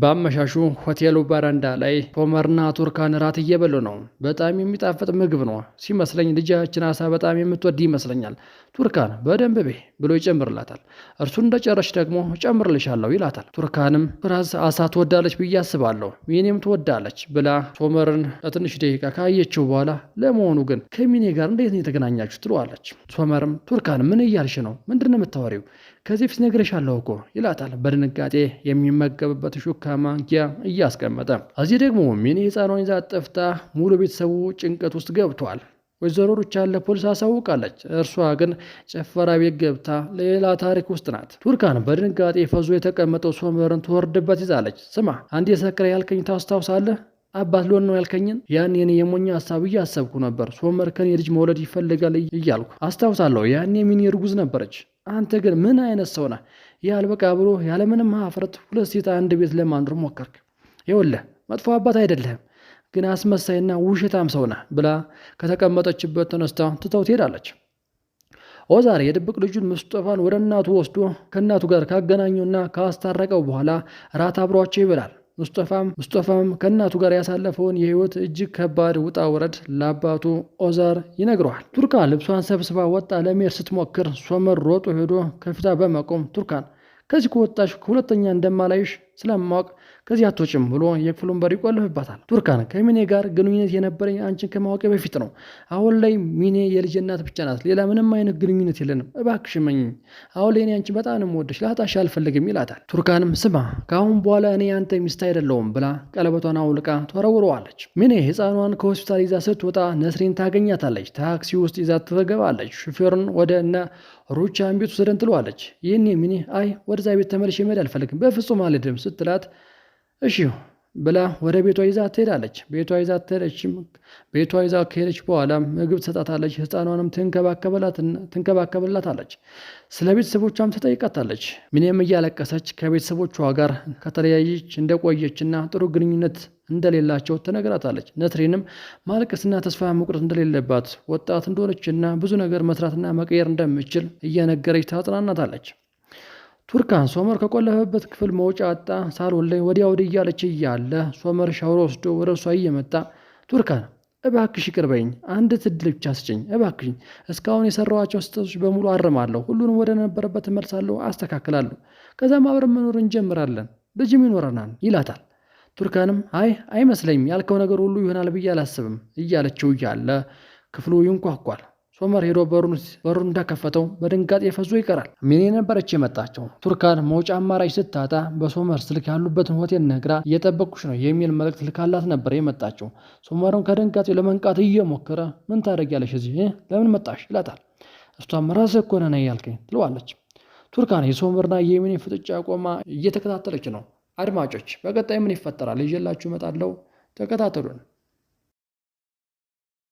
በአመሻሹ ሆቴሉ በረንዳ ላይ ቶመርና ቱርካን ራት እየበሉ ነው። በጣም የሚጣፍጥ ምግብ ነው ሲመስለኝ። ልጃችን አሳ በጣም የምትወድ ይመስለኛል። ቱርካን በደንብ ቤ ብሎ ይጨምርላታል። እርሱ እንደጨረሽ ደግሞ ጨምርልሻለሁ ይላታል። ቱርካንም ራስ አሳ ትወዳለች ብዬ አስባለሁ፣ ሚኔም ትወዳለች ብላ ቶመርን ለትንሽ ደቂቃ ካየችው በኋላ ለመሆኑ ግን ከሚኔ ጋር እንዴት ነው የተገናኛችሁ? ትለዋለች። ቶመርም ቱርካን ምን እያልሽ ነው? ምንድን ነው የምታወሪው? ከዚህ ፊት ነግረሻለሁ እኮ ይላታል። በድንጋጤ የሚመገብበት ሹክ ከማንኪያ እያስቀመጠ እዚህ ደግሞ ሚኒ ሕፃኗን ይዛ ጠፍታ ሙሉ ቤተሰቡ ጭንቀት ውስጥ ገብቷል። ወይዘሮ ሩቻን ለፖሊስ አሳውቃለች። እርሷ ግን ጭፈራ ቤት ገብታ ሌላ ታሪክ ውስጥ ናት። ቱርካን በድንጋጤ ፈዞ የተቀመጠው ሶመርን ትወርድበት ይዛለች። ስማ አንድ የሰከረ ያልከኝ ታስታውሳለህ? አባት ሎን ነው ያልከኝን ያን የኔ የሞኛ ሀሳብ እያሰብኩ ነበር። ሶመር ከኔ ልጅ መውለድ ይፈልጋል እያልኩ አስታውሳለሁ። ያኔ ሚኒ እርጉዝ ነበረች። አንተ ግን ምን አይነት ሰው ነህ? በቃ ብሎ ያለምንም ሀፍረት ሁለት ሴት አንድ ቤት ለማኖር ሞከርክ። ይኸውልህ መጥፎ አባት አይደለህም፣ ግን አስመሳይና ውሸታም ሰው ነህ ብላ ከተቀመጠችበት ተነስታ ትተው ትሄዳለች። ኦዛር የድብቅ ልጁን ምስጦፋን ወደ እናቱ ወስዶ ከእናቱ ጋር ካገናኙና ካስታረቀው በኋላ ራት አብሯቸው ይበላል። ሙስጠፋም ሙስጠፋም ከእናቱ ጋር ያሳለፈውን የህይወት እጅግ ከባድ ውጣ ውረድ ለአባቱ ኦዛር ይነግረዋል። ቱርካ ልብሷን ሰብስባ ወጣ ለሜር ስትሞክር ሶመር ሮጦ ሄዶ ከፊቷ በመቆም ቱርካን ከዚህ ከወጣሽ ሁለተኛ እንደማላይሽ ስለማወቅ ከዚህ አትወጭም ብሎ የክፍሉን በር ይቆልፍባታል። ቱርካን ከሚኔ ጋር ግንኙነት የነበረኝ አንቺን ከማወቅ በፊት ነው። አሁን ላይ ሚኔ የልጅናት እናት ብቻ ናት። ሌላ ምንም አይነት ግንኙነት የለንም። እባክሽ መኝ አሁን ላይ እኔ አንቺን በጣም የምወደሽ ላጣሽ አልፈልግም ይላታል። ቱርካንም ስማ ከአሁን በኋላ እኔ አንተ ሚስት አይደለውም ብላ ቀለበቷን አውልቃ ተወረውረዋለች። ሚኔ ህፃኗን ከሆስፒታል ይዛ ስትወጣ ነስሪን ታገኛታለች። ታክሲ ውስጥ ይዛ ትገባለች። ሹፌሩን ወደ እነ ሩቻን ቤት ውሰደን ትለዋለች። ይህኔ ሚኔ አይ ወደዛ ቤት ተመልሼ መሄድ አልፈልግም፣ በፍጹም አልሄድም ስትላት እሺ ብላ ወደ ቤቷ ይዛ ትሄዳለች። ቤቷ ይዛ ትሄደችም ቤቷ ይዛ ከሄደች በኋላ ምግብ ትሰጣታለች። ህፃኗንም ትንከባከብላታለች። ስለ ቤተሰቦቿም ትጠይቃታለች። ምንም እያለቀሰች ከቤተሰቦቿ ጋር ከተለያየች እንደቆየችና ጥሩ ግንኙነት እንደሌላቸው ትነግራታለች። ነትሪንም ማልቀስና ተስፋ መቁረጥ እንደሌለባት፣ ወጣት እንደሆነችና ብዙ ነገር መስራትና መቀየር እንደምችል እየነገረች ታጽናናታለች። ቱርካን ሶመር ከቆለፈበት ክፍል መውጫ አጣ። ሳሎን ላይ ወዲያ ወዲህ እያለች እያለ ሶመር ሻወር ወስዶ ወደ እሷ እየመጣ ቱርካን እባክሽ ይቅርበኝ፣ አንድ ትድል ብቻ ስጭኝ እባክሽኝ። እስካሁን የሰራኋቸው ስህተቶች በሙሉ አርማለሁ፣ ሁሉንም ወደ ነበረበት እመልሳለሁ፣ አስተካክላለሁ። ከዛም አብረን መኖር እንጀምራለን፣ ልጅም ይኖረናል ይላታል። ቱርካንም አይ አይመስለኝም፣ ያልከው ነገር ሁሉ ይሆናል ብዬ አላስብም እያለችው እያለ ክፍሉ ይንኳኳል። ሶመር ሄዶ በሩን እንደከፈተው በድንጋጤ ፈዞ ይቀራል። ሚኔ ነበረች የመጣቸው። ቱርካን መውጫ አማራጭ ስታጣ በሶመር ስልክ ያሉበትን ሆቴል ነግራ እየጠበቁች ነው የሚል መልእክት ልካላት ነበር የመጣቸው። ሶመርም ከድንጋጤ ለመንቃት እየሞከረ ምን ታደርጊያለሽ እዚህ ለምን መጣሽ ይላታል። እሷም ራስህ እኮ ነህ ያልከኝ ትለዋለች። ቱርካን የሶመርና የሚኔ ፍጥጫ ቆማ እየተከታተለች ነው። አድማጮች፣ በቀጣይ ምን ይፈጠራል ይዤላችሁ እመጣለሁ። ተከታተሉን።